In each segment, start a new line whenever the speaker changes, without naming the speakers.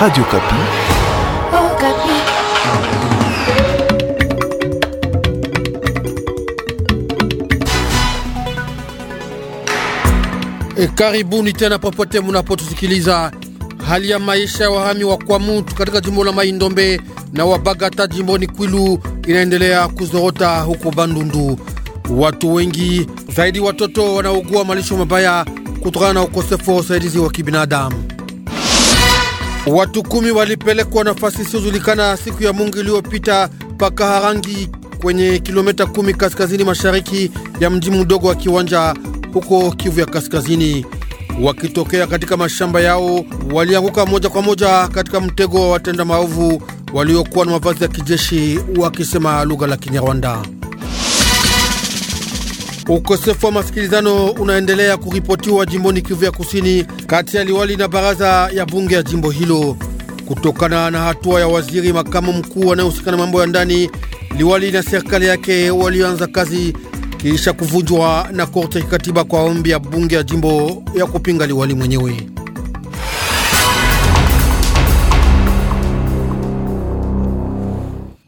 Radio Kapi.
Oh, Kapi.
E, karibuni tena popote munapotusikiliza. Hali ya maisha ya wahami wa Kwamutu katika jimbo la Maindombe na Wabagata jimboni Kwilu inaendelea kuzorota huko Bandundu. Watu wengi zaidi watoto wanaugua malisho mabaya kutokana na ukosefu wa usaidizi wa kibinadamu. Watu kumi walipelekwa nafasi isiyojulikana siku ya Mungu iliyopita Harangi kwenye kilomita kumi kaskazini mashariki ya mji mdogo wa Kiwanja huko Kivu ya Kaskazini. Wakitokea katika mashamba yao, walianguka moja kwa moja katika mtego wa watenda maovu waliokuwa na mavazi ya kijeshi wakisema lugha la Kinyarwanda. Ukosefu wa masikilizano unaendelea kuripotiwa jimboni Kivu ya Kusini kati ya liwali na baraza ya bunge ya jimbo hilo, kutokana na hatua ya waziri makamu mkuu wanayehusika na mambo ya ndani. Liwali na serikali yake walioanza kazi kisha kuvunjwa na korti ya kikatiba kwa ombi ya bunge ya jimbo ya kupinga liwali mwenyewe.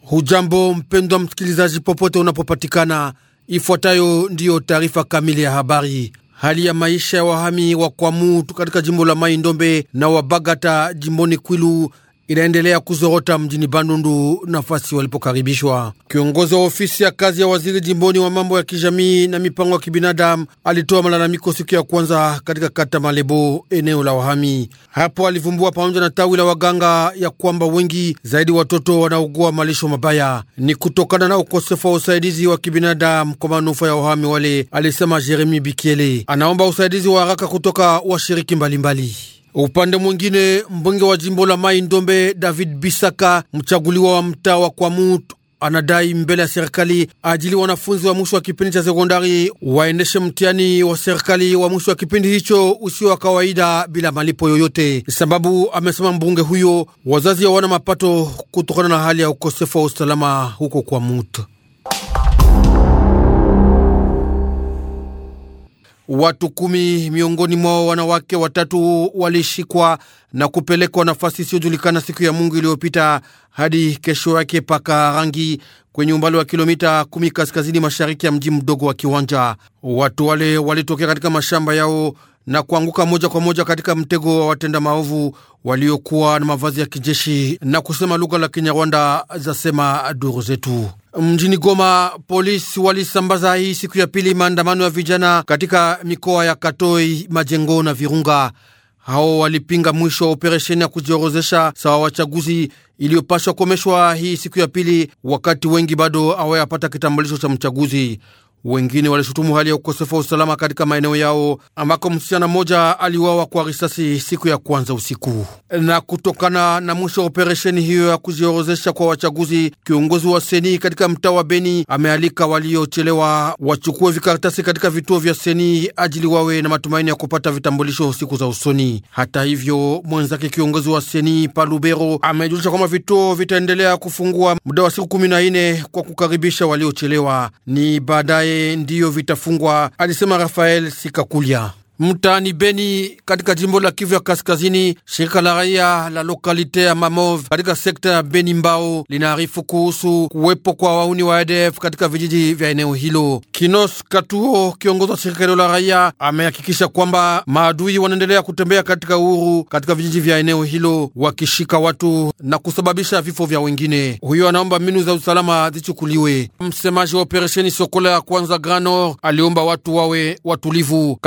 Hujambo mpendwa msikilizaji, popote unapopatikana. Ifuatayo ndiyo taarifa kamili ya habari. Hali ya maisha ya wahami wa Kwamutu katika jimbo la Mai Ndombe na Wabagata jimboni Kwilu inaendelea kuzorota mjini Bandundu, nafasi walipokaribishwa. Kiongozi wa ofisi ya kazi ya waziri jimboni wa mambo ya kijamii na mipango ya kibinadamu alitoa malalamiko siku ya kwanza katika kata Malebo, eneo la wahami. Hapo alivumbua pamoja na tawi la waganga ya kwamba wengi zaidi watoto wanaugua malisho mabaya, ni kutokana na ukosefu wa usaidizi wa kibinadamu kwa manufaa ya wahami wale, alisema Jeremi Bikiele. Anaomba usaidizi wa haraka kutoka washiriki mbalimbali mbali. Upande mwingine, mbunge wa jimbo la Mai Ndombe David Bisaka, mchaguliwa wa mtaa wa Kwamut, anadai mbele ya serikali ajili wanafunzi wa mwisho wa kipindi cha sekondari waendeshe mtihani wa serikali wa mwisho wa kipindi hicho usio wa kawaida bila malipo yoyote, sababu amesema mbunge huyo wazazi hawana mapato kutokana na hali ya ukosefu wa usalama huko Kwamut. Watu kumi miongoni mwao wanawake watatu walishikwa na kupelekwa nafasi isiyojulikana siku ya Mungu iliyopita hadi kesho yake paka rangi kwenye umbali wa kilomita kumi kaskazini mashariki ya mji mdogo wa Kiwanja. Watu wale walitokea katika mashamba yao na kuanguka moja kwa moja katika mtego wa watenda maovu waliokuwa na mavazi ya kijeshi na kusema lugha la Kinyarwanda, zasema duru zetu. Mjini Goma polisi walisambaza hii siku ya pili maandamano ya vijana katika mikoa ya Katoi, Majengo na Virunga. Hao walipinga mwisho wa operesheni ya kujiorozesha sawa wachaguzi iliyopashwa kuomeshwa hii siku ya pili, wakati wengi bado hawayapata kitambulisho cha mchaguzi. Wengine walishutumu hali ya ukosefu wa usalama katika maeneo yao ambako msichana mmoja aliwawa kwa risasi siku ya kwanza usiku. Na kutokana na mwisho wa operesheni hiyo ya kujiorozesha kwa wachaguzi, kiongozi wa seni katika mtaa wa Beni amealika waliochelewa wachukue vikaratasi katika vituo vya seni ajili wawe na matumaini ya kupata vitambulisho siku za usoni. Hata hivyo, mwenzake kiongozi wa seni Palubero amejulisha kwamba vituo vitaendelea kufungua muda wa siku kumi na nne kwa kukaribisha waliochelewa. Ni baadaye ndiyo vitafungwa, alisema Rafael Sikakulya mtaani Beni katika jimbo la Kivu ya Kaskazini, shirika la raia la lokalite ya Mamov katika sekta ya Beni Mbao linaarifu kuhusu kuwepo kwa wauni wa ADF katika vijiji vya eneo hilo. Kinos Katuo, kiongozi wa shirika hilo la raia, amehakikisha kwamba maadui wanaendelea kutembea katika uhuru katika vijiji vya eneo hilo wakishika watu na kusababisha vifo vya wengine. Huyo anaomba mbinu za usalama zichukuliwe. Msemaji wa operesheni Sokola ya kwanza Granor aliomba watu wawe watulivu.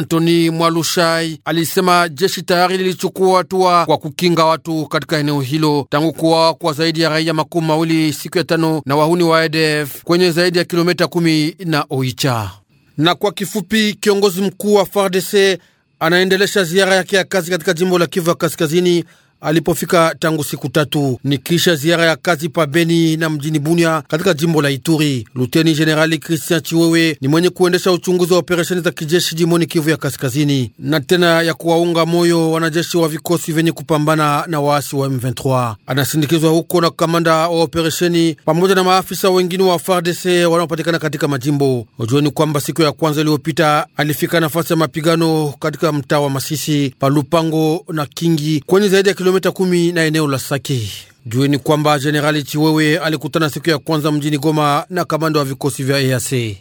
Antoni Mwalushai alisema jeshi tayari lilichukua hatua kwa kukinga watu katika eneo hilo tangu kuwa kwa zaidi ya raia makumi mawili siku ya tano na wahuni wa ADF kwenye zaidi ya kilomita kumi na Oicha. Na kwa kifupi, kiongozi mkuu wa FARDC anaendelesha ziara yake ya kazi katika jimbo la Kivu ya Kaskazini alipofika tangu siku tatu, ni kisha ziara ya kazi pa Beni na mjini Bunia katika jimbo la Ituri. Luteni Jenerali Christian Chiwewe ni mwenye kuendesha uchunguzi wa operesheni za kijeshi jimoni Kivu ya Kaskazini na tena ya kuwaunga moyo wanajeshi wa vikosi vyenye kupambana na waasi wa M23. Anasindikizwa huko na kamanda wa operesheni pamoja na maafisa wengine wa FARDC wanaopatikana katika majimbo. Ujueni kwamba siku ya kwanza iliyopita alifika nafasi ya mapigano katika mtaa wa Masisi, Palupango na Kingi kwenye zaidi ya kilo kilomita kumi na eneo la Saki. Jueni kwamba Jenerali Chiwewe alikutana siku ya kwanza mjini Goma na kamando wa vikosi vya EAC.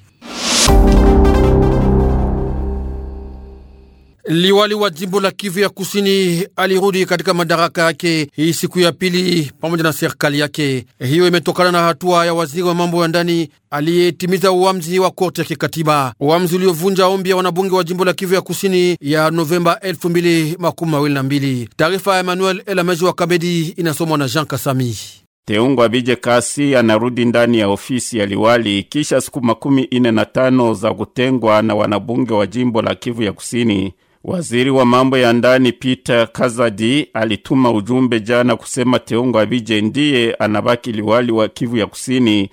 Liwali wa jimbo la Kivu ya Kusini alirudi katika madaraka yake hii siku ya pili pamoja na serikali yake. Hiyo imetokana na hatua ya waziri wa mambo ya ndani aliyetimiza uamuzi wa korti ya kikatiba, uamuzi uliovunja ombi ya wanabunge wa jimbo la Kivu ya Kusini ya Novemba 2022. Taarifa ya Emmanuel Elameji wa Kabedi inasomwa na Jean Kasami.
Teungwa Bije Kasi anarudi ndani ya ofisi ya liwali kisha siku makumi ine na tano za kutengwa na wanabunge wa jimbo la Kivu ya Kusini Waziri wa mambo ya ndani Peter Kazadi alituma ujumbe jana kusema Teungwa Abije ndiye anabaki liwali wa Kivu ya Kusini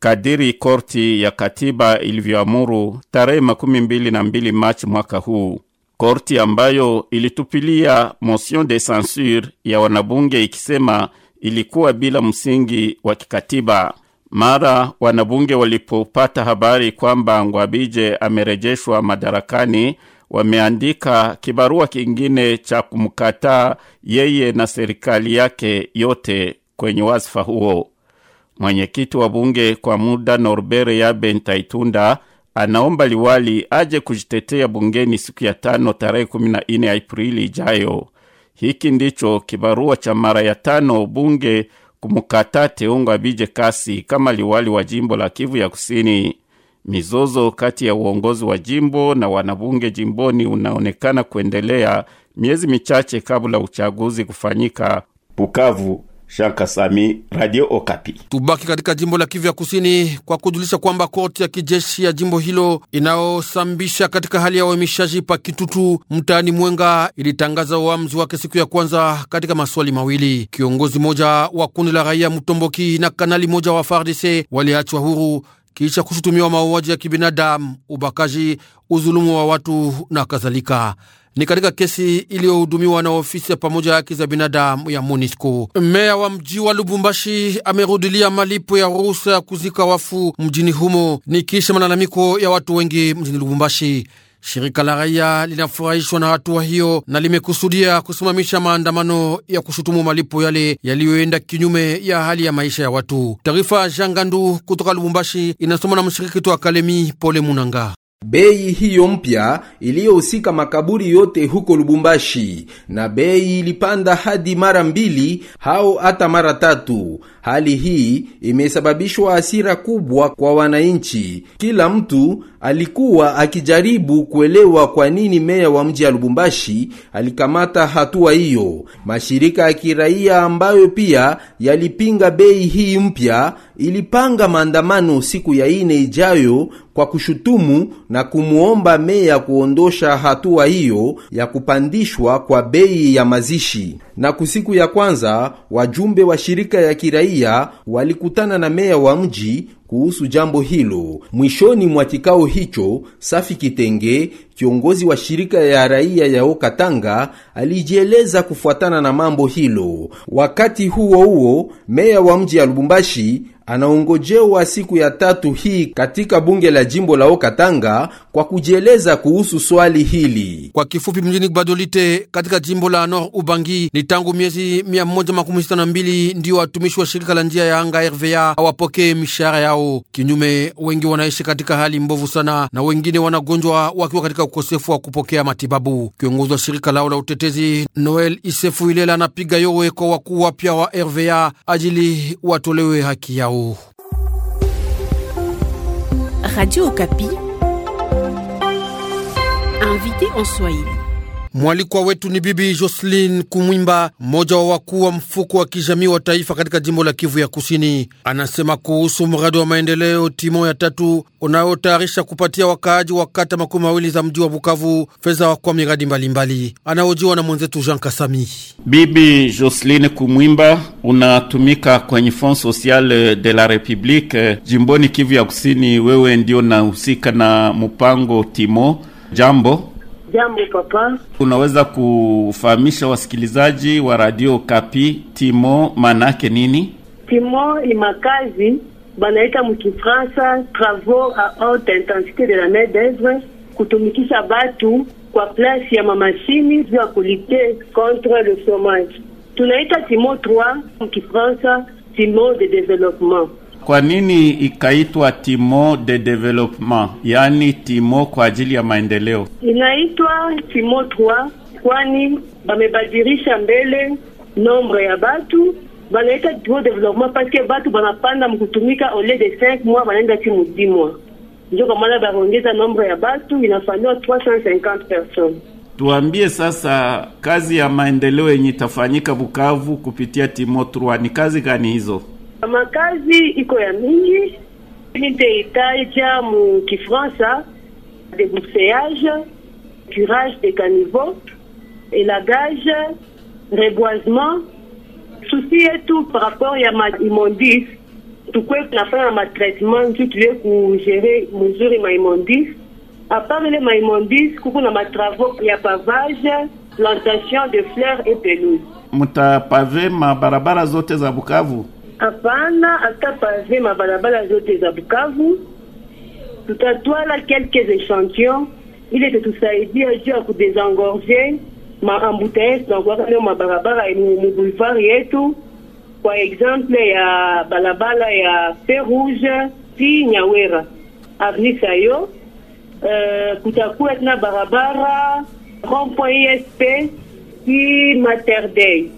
kadiri korti ya katiba ilivyoamuru tarehe makumi mbili na mbili Machi mwaka huu. Korti ambayo ilitupilia motion de censure ya wanabunge ikisema ilikuwa bila msingi wa kikatiba. Mara wanabunge walipopata habari kwamba Ngwabije amerejeshwa madarakani wameandika kibarua kingine cha kumkataa yeye na serikali yake yote kwenye wasifa huo. Mwenyekiti wa bunge kwa muda Norbere Yabe Ntaitunda anaomba liwali aje kujitetea bungeni siku ya tano tarehe 14 Aprili ijayo. Hiki ndicho kibarua cha mara ya tano bunge kumkataa Teungwa Bije Kasi kama liwali wa jimbo la Kivu ya Kusini. Mizozo kati ya uongozi wa jimbo na wanabunge jimboni unaonekana kuendelea miezi michache kabla uchaguzi kufanyika. Bukavu, Jean Sami, Radio Okapi. Tubaki
katika jimbo la Kivu ya Kusini kwa kujulisha kwamba koti ya kijeshi ya jimbo hilo inayosambisha katika hali ya uhamishaji pa Kitutu mtaani Mwenga ilitangaza uamuzi wake siku ya kwanza katika maswali mawili. Kiongozi moja wa kundi la raia Mtomboki na kanali moja wa FARDC waliachwa huru kisha kushutumiwa mauaji ya kibinadamu, ubakaji, udhulumu wa watu na kadhalika. Ni katika kesi iliyohudumiwa na ofisi ya pamoja haki za binadamu ya MONUSCO. Meya wa mji wa Lubumbashi amerudilia malipo ya ruhusa ya kuzika wafu mjini humo, ni kisha malalamiko ya watu wengi mjini Lubumbashi. Shirika la raia linafurahishwa na hatua hiyo na limekusudia kusimamisha maandamano ya kushutumu malipo yale yaliyoenda kinyume ya hali ya maisha ya watu. Taarifa ya Jangandu kutoka Lubumbashi inasoma na mshiriki tu wa Kalemi Pole Munanga. Bei
hiyo mpya iliyohusika makaburi yote huko Lubumbashi, na bei ilipanda hadi mara mbili au hata mara tatu. Hali hii imesababishwa hasira kubwa kwa wananchi. Kila mtu alikuwa akijaribu kuelewa kwa nini meya wa mji ya Lubumbashi alikamata hatua hiyo. Mashirika ya kiraia ambayo pia yalipinga bei hii mpya ilipanga maandamano siku ya ine ijayo kwa kushutumu na kumwomba meya kuondosha hatua hiyo ya kupandishwa kwa bei ya mazishi. Na kusiku ya kwanza wajumbe wa shirika ya kiraia walikutana na meya wa mji kuhusu jambo hilo. Mwishoni mwa kikao hicho, Safi Kitenge Kiongozi wa shirika ya raia ya Okatanga alijieleza kufuatana na mambo hilo. Wakati huo huo, meya wa mji ya Lubumbashi anaongojewa siku ya tatu hii katika bunge la jimbo la Okatanga kwa kujieleza kuhusu swali hili.
Kwa kifupi, mjini Badolite katika jimbo la Nord Ubangi ni tangu miezi 162 ndio watumishi wa shirika la njia ya anga RVA hawapokee mishahara yao. Kinyume, wengi wanaishi katika hali mbovu sana na wengine wanagonjwa wakiwa katika ukosefu wa kupokea matibabu. Kiongozi wa shirika lao la utetezi Noel Isefu Ilela anapiga yowe kwa wakuu wapya wa RVA ajili watolewe haki yao.
Radio Okapi, invité en Swahili.
Mwalikwa wetu ni Bibi Jocelyn Kumwimba, mmoja wa wakuu wa mfuko wa kijamii wa taifa katika jimbo la Kivu ya Kusini. Anasema kuhusu mradi wa maendeleo timo ya tatu unayotayarisha kupatia wakaaji wa kata makumi mawili za mji wa Bukavu fedha kwa miradi mbalimbali. Anahojiwa na mwenzetu Jean Kasami.
Bibi Jocelyn Kumwimba unatumika kwenye Fond Social de la Republique jimboni Kivu ya Kusini. Wewe ndio nahusika na mpango timo. Jambo
Jambo papa,
unaweza kufahamisha wasikilizaji wa Radio Kapi timo manake nini?
Timo ni makazi banaita mukifransa travaux a haute intensité de la main d'oeuvre, kutumikisha batu kwa place ya mamashini ya kulite contre le chômage. Tunaita timo 3 mukifransa timo de développement
kwa nini ikaitwa timo de development, yaani timo kwa ajili ya maendeleo?
Inaitwa timo twa, kwani bamebadilisha mbele nombre ya batu banaita timo development paske batu banapanda mkutumika ole de 5 mois banaenda ti mudimwa, ndio kwa maana baongeza nombre ya batu inafanywa 350 personnes.
Tuambie sasa, kazi ya maendeleo yenye itafanyika Bukavu kupitia timo 3 ni kazi gani hizo?
Makazi iko ya mingi nitaitaja mu Kifransa débroussaillage, curage des caniveaux, élagage, reboisement. Souci yetu par rapport ya maimondise tukwe tunafanya matraitement nju tulie kugere mesure maimondise apart ile maimondise kuko na matravaux ya pavage plantation de fleurs et pelouse
mutapave mabarabara zote za Bukavu
Hapana, hata pave mabarabara zote za Bukavu. Tutatwala quelques échantillons il est tout ça ili tutusaidia juu ya kudesengorge balabala tunakuwaka leo mabarabara muboulevard yetu, par exemple ya euh, barabara ya fer Rouge puis Nyawera avenue yo Uh, kutakuwa tena barabara rond-point ISP ti Mater Dei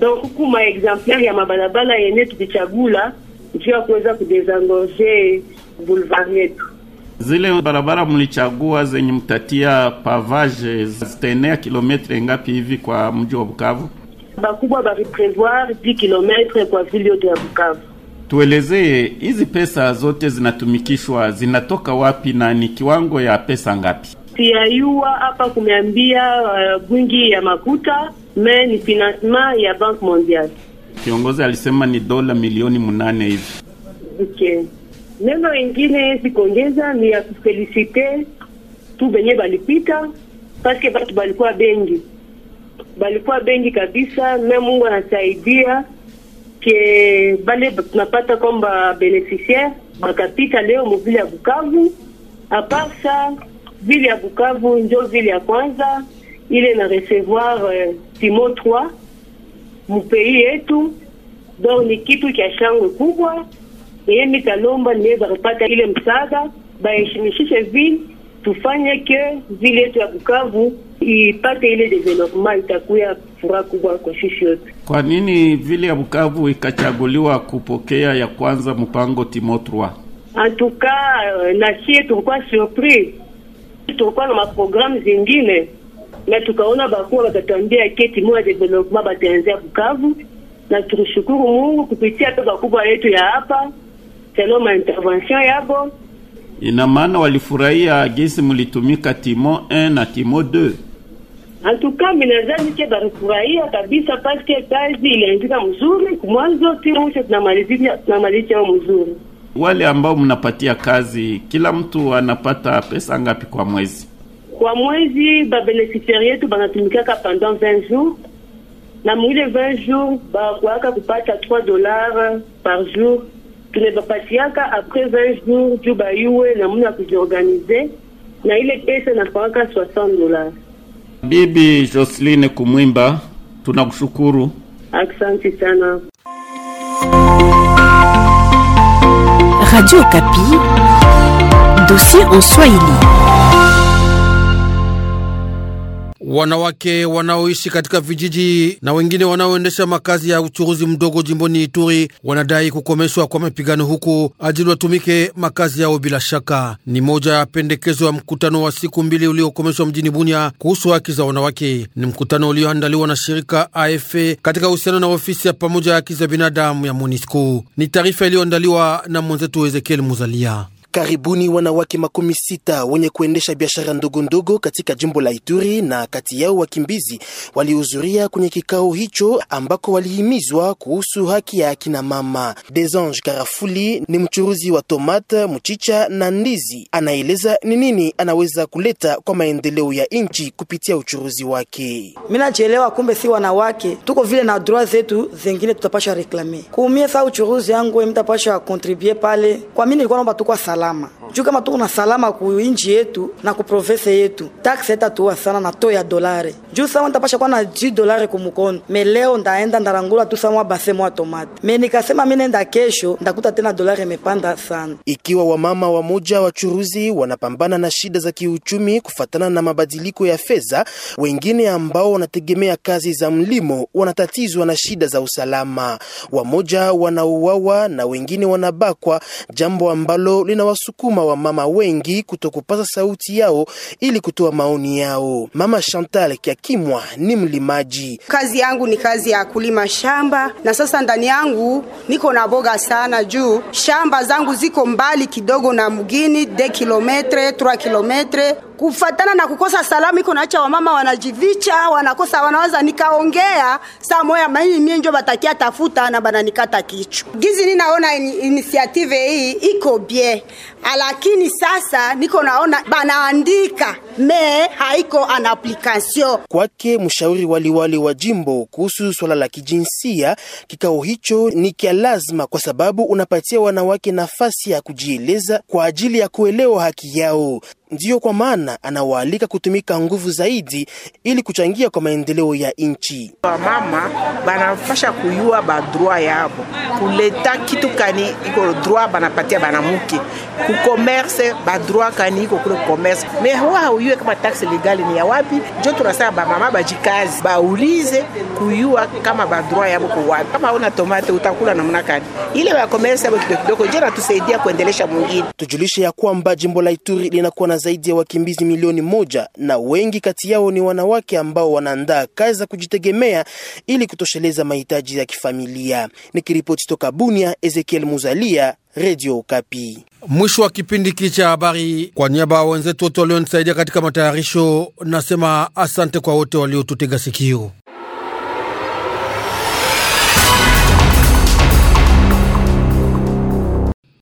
donc hukuma exemplaire ya mabarabara yene tulichagula njio ya kuweza kudezangorge boulevard yetu.
Zile barabara mlichagua zenye mtatia pavage zitaenea kilometre ngapi hivi kwa mji wa Bukavu?
Bakubwa prévoir 10 kilometre kwa vile yote ya Bukavu.
Tuelezee hizi pesa zote zinatumikishwa zinatoka wapi na ni kiwango ya pesa ngapi?
Pia yua hapa kumeambia uh, bwingi ya makuta me ni financement ya Banque mondiale
Kiongozi alisema ni dola milioni munane hivi.
Okay. Neno ingine zikongeza ni ya kufelisite tu benye balipita paske batu balikuwa bengi balikuwa bengi kabisa, me Mungu anasaidia ke bale tunapata kwamba beneficiaire bakapita leo muvile ya Bukavu apasa vile ya Bukavu njo vile ya kwanza ile na recevoir uh, timo 3 mupei yetu, donc ni kitu cha shangwe kubwa. Yeye mitalomba niye bakupata ile msaada, baheshimishishe vile tufanye ke vile yetu ya Bukavu ipate ile development, itakuya furaha kubwa kwa sisi yote.
Kwa nini vile ya Bukavu ikachaguliwa kupokea ya kwanza mpango timo 3?
Antuka euh, nasie sie tulikuwa surprise, tulikuwa na maprogramu zingine na tukaona bakuwa batatuambia keti moya development bataanzia Bukavu, na tukushukuru Mungu kupitia pe bakubwa yetu ya hapa selon ma intervention yabo.
Ina maana walifurahia gisi mlitumika timo 1 na timo 2
antuka minazani ke barifurahia kabisa, paske kazi ilianzika mzuri kumwanzo ti mwisho tunamalizia mzuri.
Wale ambao mnapatia kazi, kila mtu anapata pesa ngapi kwa mwezi?
kwa mwezi babeneficiari yetu banatumikaka pendant 20 jours na mwile 20 jours bakwaka kupata 3 dollars par jour tunabapatiaka après 20 jours juu bayuwe namuna ya kujiorganize na ile pesa inapawaka 60 dollars.
Bibi Joseline Kumwimba, tunakushukuru,
asante sana.
Radio Kapi, dossier en Swahili.
wanawake wanaoishi katika vijiji na wengine wanaoendesha makazi ya uchuruzi mdogo jimboni Ituri wanadai kukomeshwa kwa mapigano huku ajili watumike makazi yao bila shaka. Ni moja ya pendekezo ya mkutano wa siku mbili uliokomeshwa mjini Bunia kuhusu haki za wanawake. Ni mkutano ulioandaliwa na shirika AFE katika uhusiano na ofisi ya pamoja ya haki za binadamu ya MONUSCO. Ni taarifa iliyoandaliwa na mwenzetu Ezekiel Muzalia.
Karibuni wanawake makumi sita wenye kuendesha biashara ndogo ndogo katika jimbo la Ituri na kati yao wakimbizi walihudhuria kwenye kikao hicho ambako walihimizwa kuhusu haki ya akina mama. Desange Karafuli ni mchuruzi wa tomate, mchicha na ndizi. Anaeleza ni nini anaweza kuleta kwa maendeleo ya nchi kupitia uchuruzi wake. Mimi kumbe si
wanawake tuko vile na droit zetu zengine tutapasha reklame kuumia saa uchuruzi yangu mtapasha kontribue pale kwa mimi nilikuwa naomba tukwa salama lama. juu kama tuko na salama ku inji yetu na ku province yetu, taksi haitatuwa sana na to ya dolari juu sawa ntapasha kuwa na ji dolari kumukono me leo ndaenda ndarangula tu samwa base mwa tomate me nikasema mi nenda kesho ndakuta
tena dolari imepanda sana. Ikiwa wamama wa moja wachuruzi wanapambana na shida za kiuchumi kufatana na mabadiliko ya fedha, wengine ambao wanategemea kazi za mlimo wanatatizwa na shida za usalama. Wamoja wanauawa na wengine wanabakwa, jambo ambalo linawasukuma umma wa mama wengi kutokupaza sauti yao ili kutoa maoni yao. Mama Chantal Kiakimwa ni mlimaji.
Kazi yangu ni kazi ya kulima shamba, na sasa ndani yangu niko na boga sana juu shamba zangu ziko mbali kidogo na mgini de kilometre 3 kilometre kufatana na kukosa salamu iko naacha wamama wanajivicha wanakosa wanawaza, nikaongea saa moya maini mie njo batakia tafuta na bananikata kichwa gizi. Ninaona initiative hii iko bie, lakini sasa niko naona banaandika
me haiko an application kwake. Mshauri waliwali wa jimbo kuhusu swala la kijinsia, kikao hicho ni kia lazima kwa sababu unapatia wanawake nafasi ya kujieleza kwa ajili ya kuelewa haki yao. Ndiyo kwa maana anawaalika kutumika nguvu zaidi ili kuchangia kwa maendeleo ya nchi. Wamama banafasha kuyua badroit yabo kuleta kitu kani iko droit banapatia banamuke ku commerce badroit kani iko kule commerce me huwa hauyue kama tax legal ni ya wapi. Njo tunasema bamama bajikazi baulize kuyua kama badroit yabo ko wapi. Kama una tomate utakula namna gani? ile bakomerse yabo kidogo kidogo, njo natusaidia kuendelesha mwingine. Tujulishe ya kwamba jimbo la Ituri linakuwa na na zaidi ya wakimbizi milioni moja, na wengi kati yao ni wanawake ambao wanaandaa kazi za kujitegemea ili kutosheleza mahitaji ya kifamilia. Nikiripoti toka Bunia, Ezekiel Muzalia, Radio Kapi.
Mwisho wa kipindi hiki cha habari, kwa niaba ya wenzetu wote walionisaidia katika matayarisho, nasema asante kwa wote waliotutega sikio.